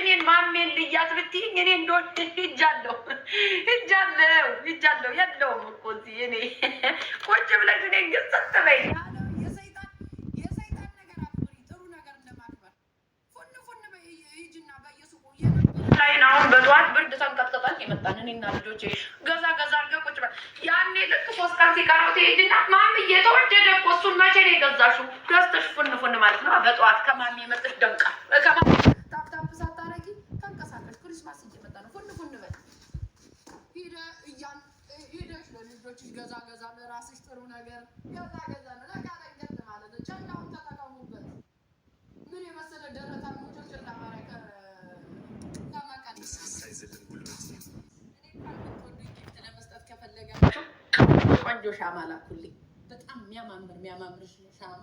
እኔን ማሜን ልያት ብትይኝ እኔ እንደወደ ሂጃለሁ ሂጃለሁ ሂጃለሁ የለውም እኮ እዚህ እኔ ቁጭ ብለሽ እኔ ግሰት በይ አሁን በጠዋት ብርድ ተንቀጥቅጠን የመጣን እኔና ልጆቼ ገዛ ገዛ አድርገን ቁጭ ያኔ ልክ ሶስት ቀን ሲቀረው ትሄጂና ማሚ እየተወደደ እኮ እሱን መቼ ነው የገዛሽው? ገዝተሽ ፉን ፉን ማለት ነው። በጠዋት ከማሚ የመጥሽ ደምቃ ከማሚ ገዛ ገዛ ለራስሽ ጥሩ ነገር ገዛ ገዛ ለጋለገት ማለት ነው። ጨላውን ተጠቀሙበት። ምን የመሰለ ደረታ ሙጭል ጨላ ማረከ ለመስጠት ከፈለገ ቆንጆ ሻማ ላኩልኝ። በጣም የሚያማምር የሚያማምር ሻማ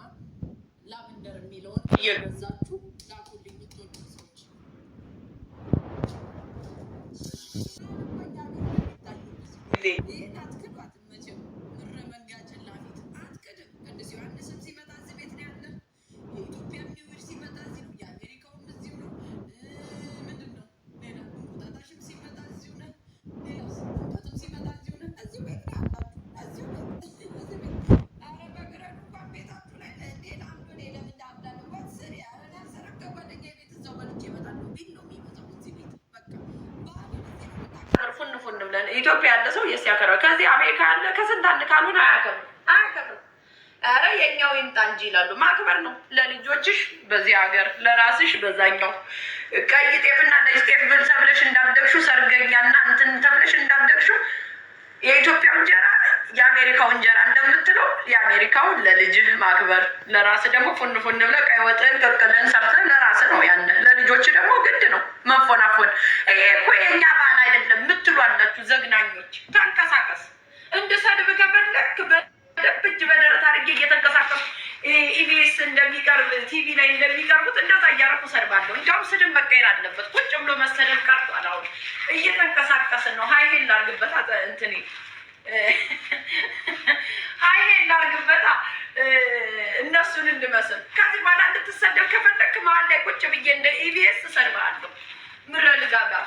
ላቭንደር የሚለውን እየገዛችሁ ላኩልኝ። የምትወዱ ሰዎች ኢትዮጵያ ያለ ሰው የስ የሲያከብረው ከዚህ አሜሪካ ያለ ከስንት አንድ ካልሆነ አያከብርም አያከብርም። ኧረ የኛው ይምጣ እንጂ ይላሉ። ማክበር ነው ለልጆችሽ በዚህ ሀገር ለራስሽ በዛኛው ቀይ ጤፍና ነጭ ጤፍ ብል ተብለሽ እንዳደግሹ ሰርገኛና እንትን ተብለሽ እንዳደግሹ የኢትዮጵያ እንጀራ የአሜሪካው እንጀራ እንደምትለው የአሜሪካው ለልጅህ ማክበር ለራስ ደግሞ ፉን ፉን ብለህ ቀይ ወጥን ቅቅልን ሰርተህ ለራስ ነው ያን ለልጆች ደግሞ ግድ ነው መፎናፎን ይሄ እኮ የኛ ትሏላችሁ ዘግናኞች። ተንቀሳቀስ እንድሰድብ ከፈለክ በደብ እጅ በደረት አድርጌ እየተንቀሳቀሱ ኢቢኤስ እንደሚቀርብ ቲቪ ላይ እንደሚቀርቡት እንደዛ እያረኩ ሰድባለሁ። እንዲያውም ስድብ መቀየር አለበት። ቁጭ ብሎ መሰደብ ቀርቷል። አሁን እየተንቀሳቀስን ነው። ሀይሄ ላርግበታ እንትኔ ሀይሄ ላርግበታ እነሱን እንድመስል ከዚህ በኋላ እንድትሰደብ ከፈለክ መሀል ላይ ቁጭ ብዬ እንደ ኢቢኤስ ሰድባለሁ። ምረልጋ ጋር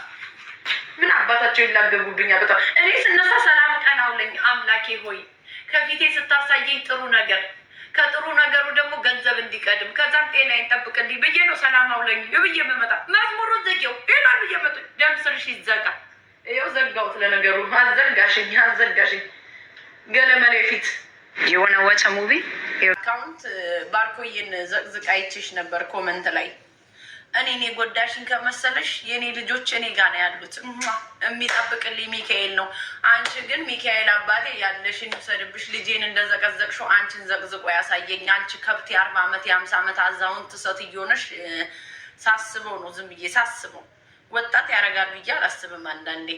ምን አባታቸው ይላገቡብኛል? በጣም እኔ ስነሳ ሰላም ቀናውለኝ። አምላኬ ሆይ ከፊቴ ስታሳየኝ ጥሩ ነገር ከጥሩ ነገሩ ደግሞ ገንዘብ እንዲቀድም ከዛም ጤና ይጠብቅ እንዲህ ብዬ ነው ሰላም አውለኝ ብዬ መመጣ መዝሙሩ ዘጌው ሌላ ብዬ መጡ ደም ስርሽ ይዘጋ ይኸው ዘጋሁት። ለነገሩ አዘጋሽኝ አዘጋሽኝ ገለመኔ ፊት የሆነ ወቸ ሙቪ አካውንት ባርኮይን ዘቅዝቃይችሽ ነበር ኮመንት ላይ እኔን የጎዳሽን ከመሰለሽ የእኔ ልጆች እኔ ጋ ነው ያሉት፣ የሚጠብቅልኝ ሚካኤል ነው። አንቺ ግን ሚካኤል አባቴ ያለሽን ይውሰድብሽ። ልጄን እንደዘቀዘቅሽው አንቺን ዘቅዝቆ ያሳየኝ። አንቺ ከብት የአርባ ዓመት የአምሳ ዓመት አዛውንት ሰት እየሆነሽ ሳስበው ነው ዝም ብዬ ሳስበው ወጣት ያደርጋል ብዬ አላስብም። አንዳንዴ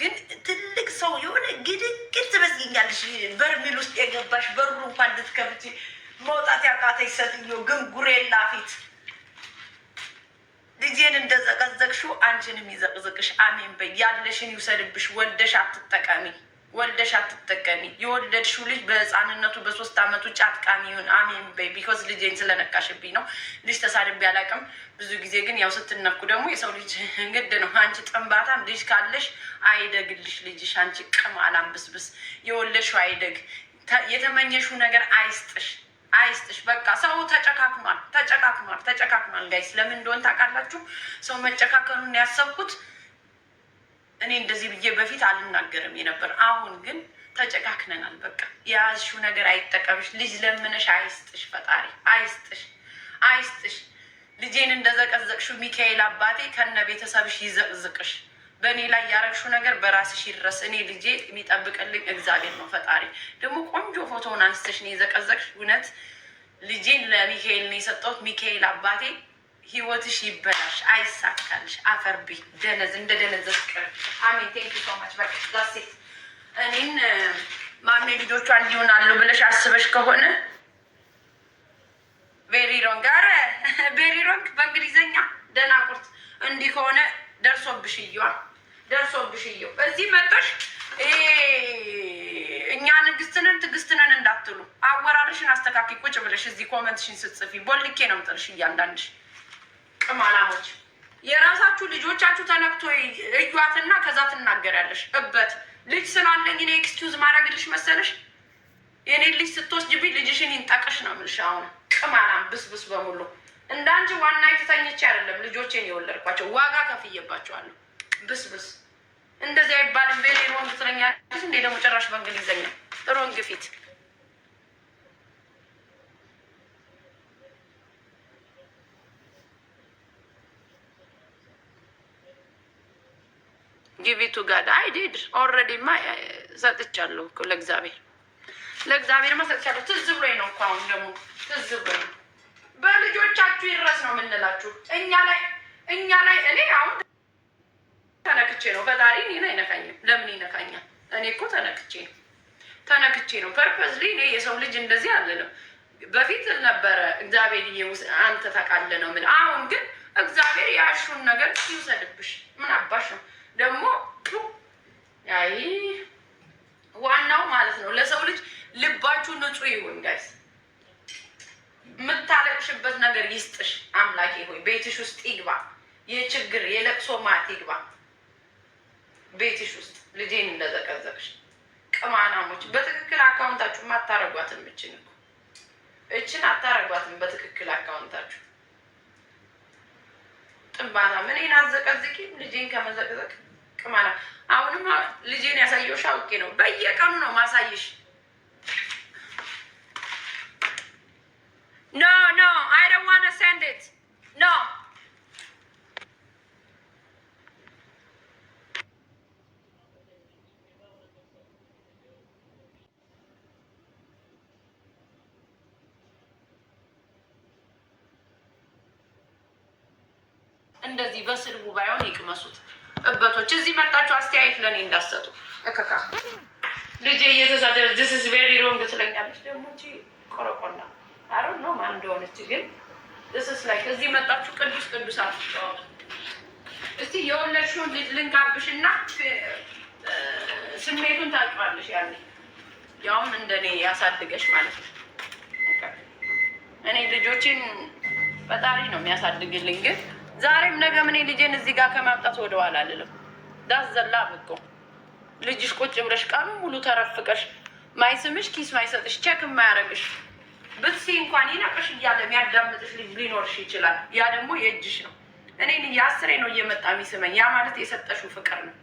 ግን ትልቅ ሰው የሆነ ግድግድ ትመስጊኛለሽ። በርሚል ውስጥ የገባሽ በሩ እንኳን ልትከብቺ መውጣት ያቃተሽ ሴትዮ ግን ጉሬላ ፊት ልጄን እንደዘቀዘቅሽው አንቺንም ይዘቅዝቅሽ። አሜን በይ። ያለሽን ይውሰድብሽ። ወልደሽ አትጠቀሚ፣ ወልደሽ አትጠቀሚ። የወለድሽው ልጅ በህፃንነቱ በሶስት አመቱ ጫጥቃሚ ይሁን። አሜን በይ። ቢኮዝ ልጄን ስለነካሽብኝ ነው። ልጅ ተሳድቤ አላውቅም። ብዙ ጊዜ ግን ያው ስትነኩ ደግሞ የሰው ልጅ ግድ ነው። አንቺ ጥንባታም ልጅ ካለሽ አይደግልሽ ልጅሽ። አንቺ ቅም አላምብስብስ ብስብስ የወለድሽው አይደግ። የተመኘሽው ነገር አይስጥሽ። አይስጥሽ። በቃ ሰው ተጨካክኗል፣ ተጨካክኗል፣ ተጨካክኗል። ጋይስ ለምን እንደሆን ታውቃላችሁ? ሰው መጨካከኑን ያሰብኩት እኔ እንደዚህ ብዬ በፊት አልናገርም የነበር አሁን ግን ተጨካክነናል። በቃ የያዝሽው ነገር አይጠቀምሽ። ልጅ ለምነሽ አይስጥሽ፣ ፈጣሪ አይስጥሽ፣ አይስጥሽ። ልጄን እንደዘቀዘቅሽው ሚካኤል አባቴ ከነ ቤተሰብሽ ይዘቅዝቅሽ። በእኔ ላይ ያረግሹ ነገር በራስሽ ይድረስ። እኔ ልጄ የሚጠብቅልኝ እግዚአብሔር ነው ፈጣሪ። ደግሞ ቆንጆ ፎቶውን አንስተሽ ነው የዘቀዘቅሽ። እውነት ልጄን ለሚካኤል ነው የሰጠሁት። ሚካኤል አባቴ ህይወትሽ ይበላሽ፣ አይሳካልሽ፣ አፈርቢ ደነዝ እንደ ደነዘሽ ቅር። አሜን። ቴንክ ሶ ማች በቃ ዛሴት እኔን ማሜ ልጆቿ እንዲሆን እንዲሆናሉ ብለሽ አስበሽ ከሆነ ቬሪ ሮንግ። አረ ቬሪ ሮንግ በእንግሊዘኛ ደናቁርት። እንዲህ ከሆነ ደርሶብሽ እየዋል ደርሶብሽ እየው እዚህ መጥተሽ እኛ ንግስትንን ትግስትንን እንዳትሉ አወራርሽን አስተካኪ ቁጭ ብለሽ እዚህ ኮመንትሽን ስትጽፊ ቦልኬ ነው ጥርሽ እያንዳንድሽ ቅማላሞች የራሳችሁ ልጆቻችሁ ተነክቶ እዩዋትና ከዛ ትናገሪያለሽ። እበት ልጅ ስላለኝ እኔ ኤክስኪውዝ ማድረግልሽ መሰለሽ? የኔ ልጅ ስትወስጅብኝ ልጅሽን ይንጠቅሽ ነው የምልሽ። አሁን ቅማላም ብስብስ በሙሉ እንዳንቺ ዋና የተተኝቼ አይደለም ልጆቼን የወለድኳቸው ዋጋ ከፍዬባቸዋለሁ። ብስብስ እንደዚህ አይባልም። ቤሪ ሮንግ ትለኛለች እንዴ ደግሞ ጭራሽ በእንግሊዘኛ ሮንግ ፊት ጊቪቱ ጋር አይ ዲድ ኦልሬዲ ማ ሰጥቻለሁ እኮ ለእግዚአብሔር ለእግዚአብሔር ማ ሰጥቻለሁ። ትዝ ብሎኝ ነው እኮ አሁን ደግሞ ትዝ ብሎኝ በልጆቻችሁ ይረስ ነው የምንላችሁ እኛ ላይ እኛ ላይ እኔ አሁን ተነክቼ ነው። ፈጣሪ እኔን አይነካኝም። ለምን ይነካኛል? እኔ እኮ ተነክቼ ነው ተነክቼ ነው። ፐርፐዝሊ እኔ የሰው ልጅ እንደዚህ አልልም። በፊት ነበረ እግዚአብሔር አንተ ታውቃለህ ነው ምን። አሁን ግን እግዚአብሔር ያሹን ነገር ይውሰድብሽ። ምን አባሽ ነው ደግሞ አይ ዋናው ማለት ነው ለሰው ልጅ ልባችሁ ንጹህ ይሁን ጋይስ። የምታለቅሽበት ነገር ይስጥሽ አምላኬ ሆይ። ቤትሽ ውስጥ ይግባ፣ የችግር የለቅሶ ማት ይግባ። ቤትሽ ውስጥ ልጄን እንደዘቀዘቅሽ ቅማናሞች፣ በትክክል አካውንታችሁ አታረጓትም። እችን እኮ እችን አታረጓትም በትክክል አካውንታችሁ። ጥንባታ ይህን አዘቀዝቂም ልጄን ከመዘቅዘቅ ቅማና። አሁንም ልጄን ያሳየውሽ አውቄ ነው። በየቀኑ ነው ማሳይሽ። ኖ ኖ አይረዋነ እንደዚህ በስልቡ ባይሆን ይቅመሱት። እበቶች እዚህ መጣችሁ አስተያየት ለእኔ እንዳሰጡ እከካ ልጅ እየተሳደ ስ ቬሪ ሮንግ ትለኛለች። ደግሞ እ ቆረቆና አሮ ነው ማን እንደሆነች ግን ስስ ላይ እዚህ መጣችሁ ቅዱስ ቅዱስ አትጫወቱ። እስቲ የወለድሽውን ልንጋብሽና ስሜቱን ታውቂዋለሽ። ያለ ያውም እንደኔ ያሳድገሽ ማለት ነው። እኔ ልጆችን ፈጣሪ ነው የሚያሳድግልኝ ግን ዛሬም ነገ ምኔ ልጄን እዚህ ጋር ከማምጣት ወደኋላ አልልም። ዳስ ዘላ ብቆ ልጅሽ ቁጭ ብለሽ ቃሉ ሙሉ ተረፍቀሽ ማይስምሽ ኪስ ማይሰጥሽ ቼክ የማያደርግሽ ብትሲ እንኳን ይነቅሽ እያለ የሚያዳምጥሽ ልጅ ሊኖርሽ ይችላል። ያ ደግሞ የእጅሽ ነው። ልጅ አስሬ ነው እየመጣ የሚስመኝ። ያ ማለት የሰጠሽው ፍቅር ነው።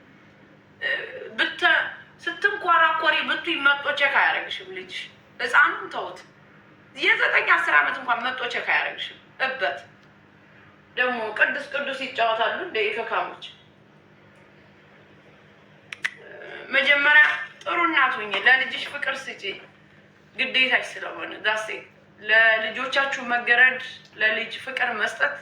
ስትንኮራኮሪ ብቱ መጦ ቼክ አያደርግሽም ልጅ ህፃኑም ተውት የዘጠኝ አስር ዓመት እንኳን መጦ ቼክ አያደርግሽም እበት ደግሞ ቅዱስ ቅዱስ ይጫወታሉ እንደ ኢፈካሞች። መጀመሪያ ጥሩ እናት ሁኚ፣ ለልጅሽ ፍቅር ስጪ፣ ግዴታሽ ስለሆነ ዛሴ ለልጆቻችሁ መገረድ፣ ለልጅ ፍቅር መስጠት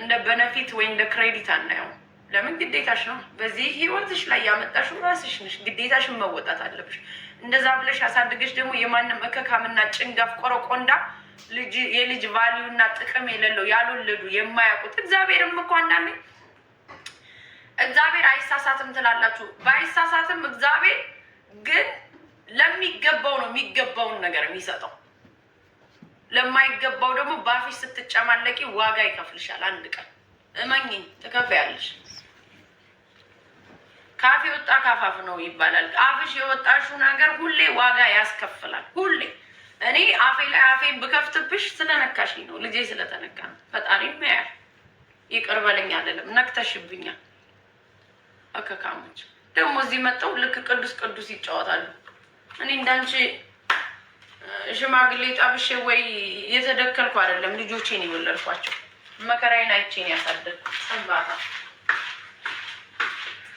እንደ በነፊት ወይ እንደ ክሬዲት አናየው። ለምን ግዴታሽ ነው። በዚህ ህይወትሽ ላይ ያመጣሽው ራስሽ ነሽ። ግዴታሽን መወጣት አለብሽ። እንደዛ ብለሽ አሳድገሽ ደግሞ የማንም እከካምና ጭንጋፍ ቆረቆንዳ የልጅ ቫሊዩ እና ጥቅም የሌለው ያልወለዱ የማያውቁት እግዚአብሔርም እኮ አንዳንዴ እግዚአብሔር አይሳሳትም ትላላችሁ። በአይሳሳትም እግዚአብሔር ግን ለሚገባው ነው የሚገባውን ነገር የሚሰጠው። ለማይገባው ደግሞ ባፊሽ ስትጨማለቂ ዋጋ ይከፍልሻል። አንድ ቀን እመኝ ትከፍያለሽ። ካፍ ወጣ ካፋፍ ነው ይባላል። አፍሽ የወጣሽው ነገር ሁሌ ዋጋ ያስከፍላል። ሁሌ እኔ አፌ ላይ አፌን ብከፍትብሽ ስለነካሽ ነው፣ ልጄ ስለተነካ ነው። ፈጣሪ ያያል። ይቅር በለኝ አለለም። ነክተሽብኛል። እከካሞች ደግሞ እዚህ መጠው ልክ ቅዱስ ቅዱስ ይጫወታሉ። እኔ እንዳንቺ ሽማግሌ ጣብሼ ወይ የተደከልኩ አይደለም። ልጆቼን የወለድኳቸው መከራዬን አይቼን ያሳደግ ሰንባታ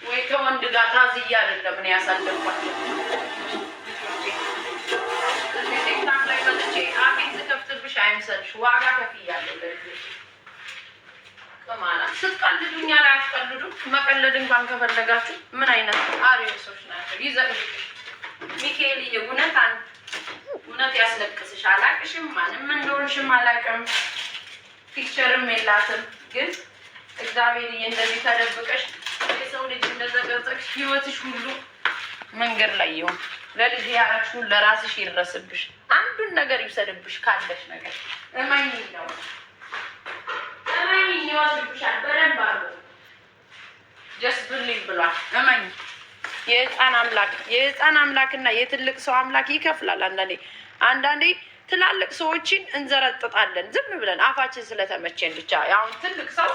ወይ ከወንድ ጋር ታዝያ አይደለም እኔ ያሳደግኳቸው አፌን ስከፍትብሽ አይምሰልሽ ዋጋ ከፍያለሁ። ለልጆች በማለት ስትቀልዱኛ ላይ መቀለድ እንኳን ከፈለጋችሁ ምን አይነት አሪሶች ናቸው? ይዘቅሽ ሚካኤል እውነት እውነት ያስለቅስሽ። አላቅሽም፣ ማንም እንደሆንሽም አላቅም። ፒክቸርም የላትም ግን እግዚአብሔር እንደዚህ ተደብቀሽ የሰው ልጅ እንደዘቀዘቅሽ ህይወትሽ ሁሉ መንገድ ላይ ይሁን። ለልጅ ያረግሽውን ለራስሽ ይድረስብሽ። አንዱን ነገር ይውሰድብሽ ካለሽ ነገር እመኝ ነው እመኝ ይወስድብሻል። በደንብ አሉ ጀስ ብሊቭ ብሏል። እመኝ የህፃን አምላክ የህፃን አምላክና የትልቅ ሰው አምላክ ይከፍላል። አንዳንዴ አንዳንዴ ትላልቅ ሰዎችን እንዘረጥጣለን ዝም ብለን አፋችን ስለተመቸን ብቻ። ያሁን ትልቅ ሰው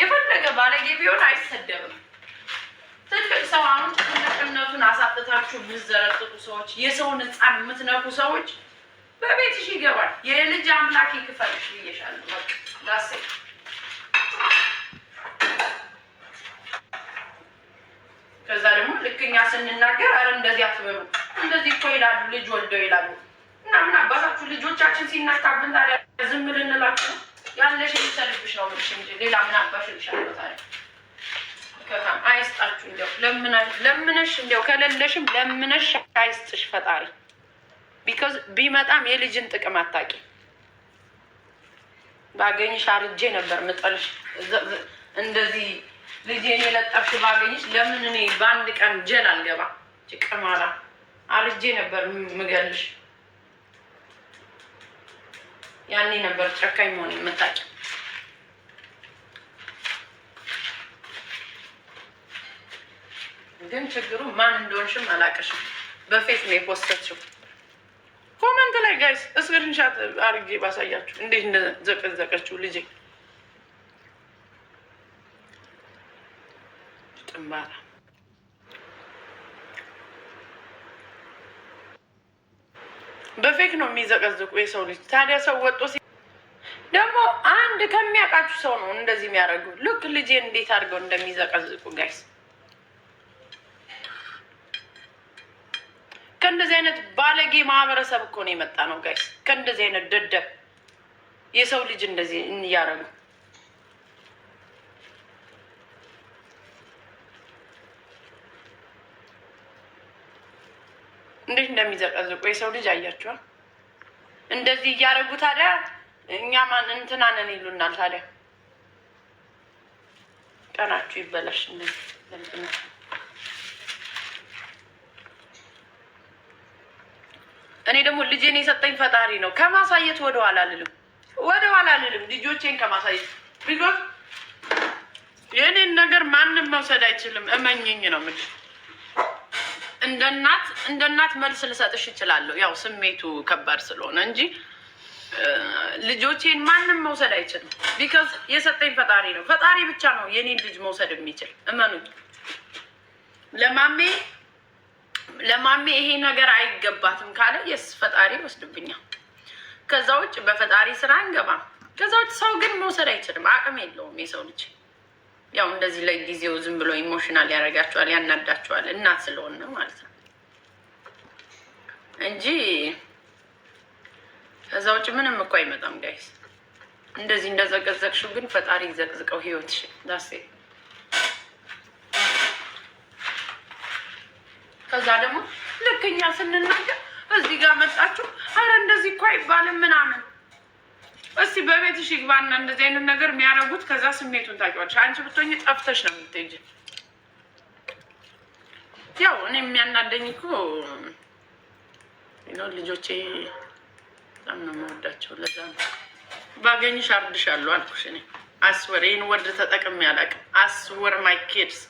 የፈለገ ባለጌ ቢሆን አይሰደብም። ትልቅ ሰው አሁን ትልቅነቱን አሳጥታችሁ የምትዘረጥጡ ሰዎች፣ የሰውን ሕፃን የምትነኩ ሰዎች በቤትሽ ይገባል። የልጅ አምላክ ይክፈልሽ ብዬሻለሁ። ዳሴ ከዛ ደግሞ ልክኛ ስንናገር አረ እንደዚህ አትበሉ እንደዚህ እኮ ይላሉ፣ ልጅ ወልደው ይላሉ። እና ምን አባታችሁ ልጆቻችን ሲነካብን ታዲያ ዝም ልንላችሁ? ያለሽ የሚሰልብሽ ነው ልሽ እንጂ ሌላ ምን አባሽ ልሻለሁ ታዲያ ከታም አይስጣችሁ። እንዲያው ለምነሽ እንዲያው ከሌለሽም ለምነሽ አይስጥሽ ፈጣሪ። ቢኮዝ ቢመጣም የልጅን ጥቅም አታቂ። ባገኝሽ አርጄ ነበር ምጠልሽ። እንደዚህ ልጄን የለጠፍሽ ባገኝሽ። ለምን እኔ በአንድ ቀን ጀል አልገባ ጭቅማላ አርጄ ነበር ምገልሽ። ያኔ ነበር ጨካኝ መሆን የምታቂ ግን ችግሩ ማን እንደሆንሽም አላቅሽም። በፌት ነው የፖስተችው። ኮመንት ላይ ጋይስ እስክሪንሻት አርጌ ባሳያችሁ እንዴት እንደዘቀዘቀችው ልጄ ጥንባራ በፌክ ነው የሚዘቀዝቁ የሰው ልጅ። ታዲያ ሰው ወጦ ደግሞ አንድ ከሚያውቃችሁ ሰው ነው እንደዚህ የሚያደርገው። ልክ ልጄ እንዴት አድርገው እንደሚዘቀዝቁ ጋይስ ከእንደዚህ አይነት ባለጌ ማህበረሰብ እኮ ነው የመጣ ነው ጋይስ። ከእንደዚህ አይነት ደደብ የሰው ልጅ እንደዚህ እያረጉ እንዴት እንደሚዘቀዝቁ የሰው ልጅ አያችኋል። እንደዚህ እያደረጉ ታዲያ እኛ ማን እንትናነን ይሉናል። ታዲያ ቀናችሁ ይበላሽ። እኔ ደግሞ ልጄን የሰጠኝ ፈጣሪ ነው። ከማሳየት ወደኋላ አልልም፣ ወደኋላ አልልም። ልጆቼን ከማሳየት ልጆች የእኔን ነገር ማንም መውሰድ አይችልም። እመኝኝ ነው ምድ እንደ እናት እንደ እናት መልስ ልሰጥሽ እችላለሁ። ያው ስሜቱ ከባድ ስለሆነ እንጂ ልጆቼን ማንም መውሰድ አይችልም። ቢካዝ የሰጠኝ ፈጣሪ ነው። ፈጣሪ ብቻ ነው የኔን ልጅ መውሰድ የሚችል እመኑኝ። ለማሜ ለማሜ ይሄ ነገር አይገባትም ካለ የስ ፈጣሪ ይወስድብኛል። ከዛ ውጭ በፈጣሪ ስራ አንገባም። ከዛ ውጭ ሰው ግን መውሰድ አይችልም፣ አቅም የለውም የሰው ልጅ ያው እንደዚህ ለጊዜው ዝም ብሎ ኢሞሽናል ያደርጋቸዋል፣ ያናዳቸዋል። እናት ስለሆነ ማለት ነው እንጂ ከዛ ውጭ ምንም እኮ አይመጣም። ጋይስ እንደዚህ እንደዘቀዘቅሽው ግን ፈጣሪ ይዘቅዝቀው ህይወትሽ ዳሴ ከዛ ደግሞ ልክ እኛ ስንናገር እዚህ ጋር መጣችሁ፣ አረ እንደዚህ እኮ አይባልም ምናምን። እስቲ በቤትሽ ይግባና እንደዚህ አይነት ነገር የሚያደርጉት ከዛ ስሜቱን ታውቂዋለሽ። አንቺ ብትሆኝ ጠፍተሽ ነው የምትሄጂ። ያው እኔ የሚያናደኝ እኮ ልጆቼ በጣም ነው የምወዳቸው። ለዛ ነው ባገኝሽ አርድሻለሁ አልኩሽ። እኔ አስወር ይህን ወርድ ተጠቅሜ አላውቅም። አስወር ማይ ኬድስ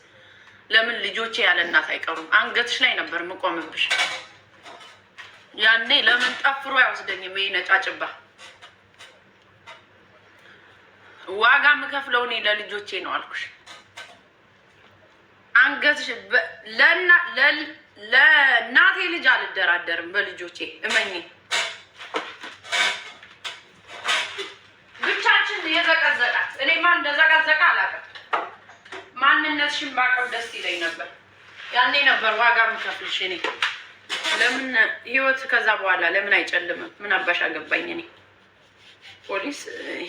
ለምን ልጆቼ ያለ እናት አይቀሩም? አንገትሽ ላይ ነበር ምቆምብሽ። ያኔ ለምን ጠፍሮ አይወስደኝም? ይህ ነጫጭባ ዋጋ ምከፍለው እኔ ለልጆቼ ነው አልኩሽ። አንገትሽ ለእናቴ ልጅ አልደራደርም፣ በልጆቼ እመኝ። ብቻችን የዘቀዘቃት እኔ ማን እንደዘቀዘቀ አላውቅም። ማንነትሽን ባ ትፈልገኝ ነበር። ያኔ ነበር ዋጋ ምከፍልሽ እኔ። ለምን ህይወት ከዛ በኋላ ለምን አይጨልምም? ምን አባሽ አገባኝ እኔ ፖሊስ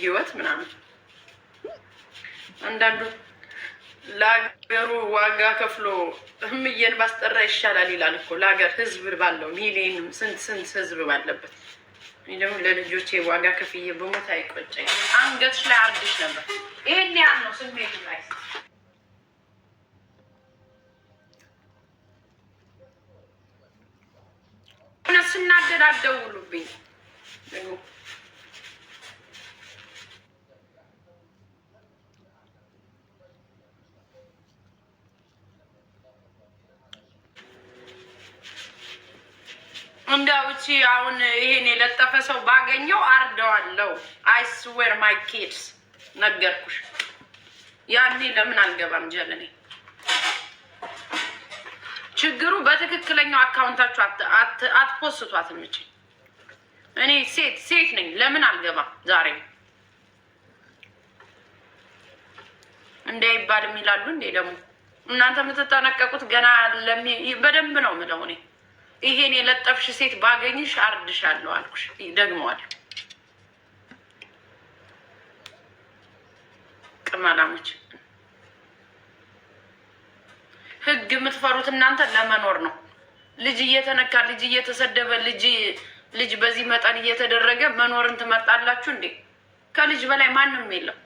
ህይወት ምናምን። አንዳንዱ ለሀገሩ ዋጋ ከፍሎ እምዬን ባስጠራ ይሻላል ይላል እኮ ለሀገር ህዝብ ባለው ሚሊዮን ስንት ስንት ህዝብ ባለበት ደግሞ ለልጆቼ ዋጋ ከፍዬ በሞት አይቆጨኝ። አንገትሽ ላይ አርድሽ ነበር። ይሄን ያህል ነው ስሜቱ ላይ እውነት ስናደድ አትደውሉብኝ። እንደው አሁን ይሄን የለጠፈ ሰው ባገኘው አርደዋለሁ። አይስዌር ማይ ኬድስ ነገርኩሽ። ያኔ ለምን አልገባም ጀለኔ ችግሩ በትክክለኛው አካውንታችሁ አትፖስቷት። ምች እኔ ሴት ሴት ነኝ፣ ለምን አልገባም? ዛሬ እንደ አይባልም ይላሉ። እንዴ ደግሞ እናንተ የምትጠነቀቁት ገና በደንብ ነው ምለው። እኔ ይሄን የለጠፍሽ ሴት ባገኝሽ አርድሻለሁ አልኩሽ፣ ደግመዋል። ቅመላሞች ህግ የምትፈሩት እናንተ ለመኖር ነው። ልጅ እየተነካ ልጅ እየተሰደበ ልጅ ልጅ በዚህ መጠን እየተደረገ መኖርን ትመርጣላችሁ እንዴ? ከልጅ በላይ ማንም የለም።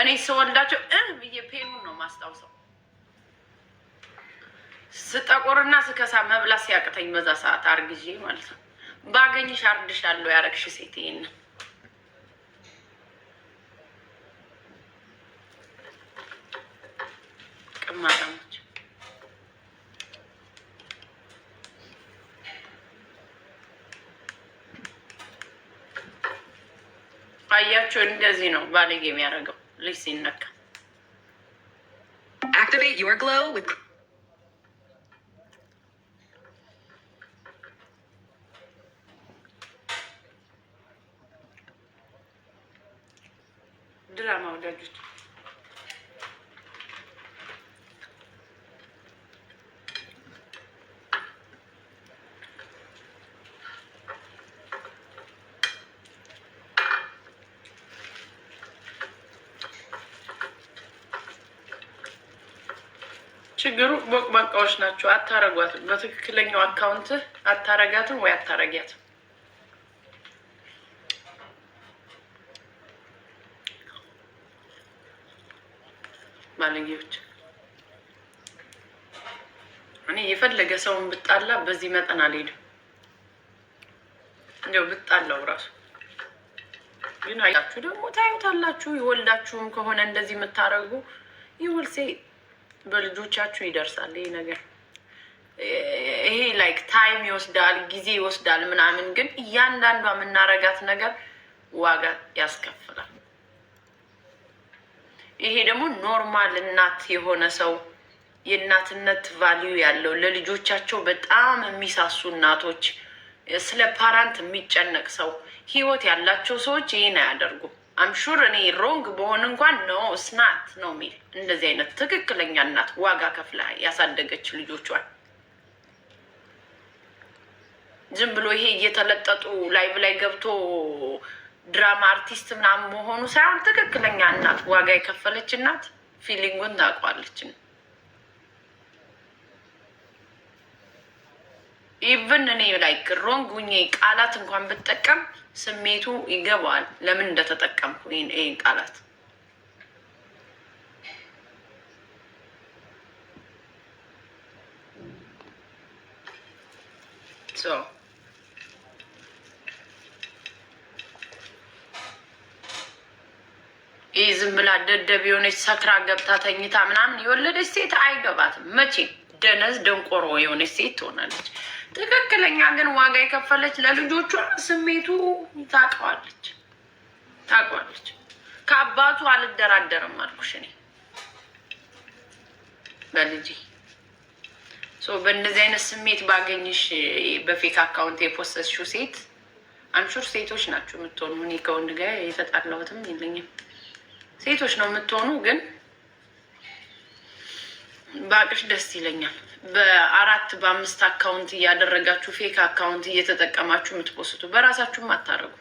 እኔ ስወልዳቸው እ ብዬ ፔኑን ነው ማስታውሰው ስጠቁርና ስከሳ መብላት ሲያቅተኝ በዛ ሰዓት አርግዤ ማለት ነው። ባገኝሽ አርድሻለሁ ያረግሽ ሴት ይሄንን matanmış. አያቸው እንደዚህ ነው ባለጌ የሚያደርገው ልጅ ሲነካ። Activate your glow with ድራማ ወዳጆች ማስታወቂያዎች ናቸው። አታረጓት በትክክለኛው አካውንት አታረጋትም ወይ አታረጊያትም። ባለጌዎች እኔ የፈለገ ሰውን ብጣላ በዚህ መጠን አልሄድም። እንደው ብጣላው ራሱ ግን አያችሁ ደግሞ ታዩታላችሁ። ይወልዳችሁም ከሆነ እንደዚህ የምታደርጉ ይወልሴ በልጆቻችሁ ይደርሳል ይሄ ነገር። ይሄ ላይክ ታይም ይወስዳል፣ ጊዜ ይወስዳል ምናምን፣ ግን እያንዳንዷ የምናረጋት ነገር ዋጋ ያስከፍላል። ይሄ ደግሞ ኖርማል እናት የሆነ ሰው የእናትነት ቫሊዩ ያለው ለልጆቻቸው በጣም የሚሳሱ እናቶች፣ ስለ ፓራንት የሚጨነቅ ሰው፣ ህይወት ያላቸው ሰዎች ይህን አያደርጉም። አምሹር እኔ ሮንግ በሆን እንኳን ኖ ስናት ነው የሚል እንደዚህ አይነት ትክክለኛ እናት ዋጋ ከፍላ ያሳደገች ልጆቿን ዝም ብሎ ይሄ እየተለጠጡ ላይቭ ላይ ገብቶ ድራማ አርቲስት ምናምን መሆኑ ሳይሆን ትክክለኛ እናት ዋጋ የከፈለች እናት ፊሊንጉን ታውቋለች። ኢቭን እኔ ላይ ግሮን ጉኜ ቃላት እንኳን ብጠቀም ስሜቱ ይገባዋል፣ ለምን እንደተጠቀምኩ ይህን ቃላት። ይህ ዝም ብላ ደደብ የሆነች ሰክራ ገብታ ተኝታ ምናምን የወለደች ሴት አይገባትም መቼ ደነዝ ደንቆሮ የሆነች ሴት ትሆናለች። ትክክለኛ ግን ዋጋ የከፈለች ለልጆቿ ስሜቱ ታውቀዋለች ታውቀዋለች። ከአባቱ አልደራደርም አልኩሽ እኔ በልጄ በእንደዚህ አይነት ስሜት ባገኝሽ በፌክ አካውንት የፖሰስሽው ሴት አንሹር ሴቶች ናቸው የምትሆኑ። እኔ ከወንድ ጋር የተጣላሁትም የለኝም። ሴቶች ነው የምትሆኑ ግን በአቅሽ ደስ ይለኛል። በአራት በአምስት አካውንት እያደረጋችሁ ፌክ አካውንት እየተጠቀማችሁ የምትፖስቱ በራሳችሁም አታደርጉ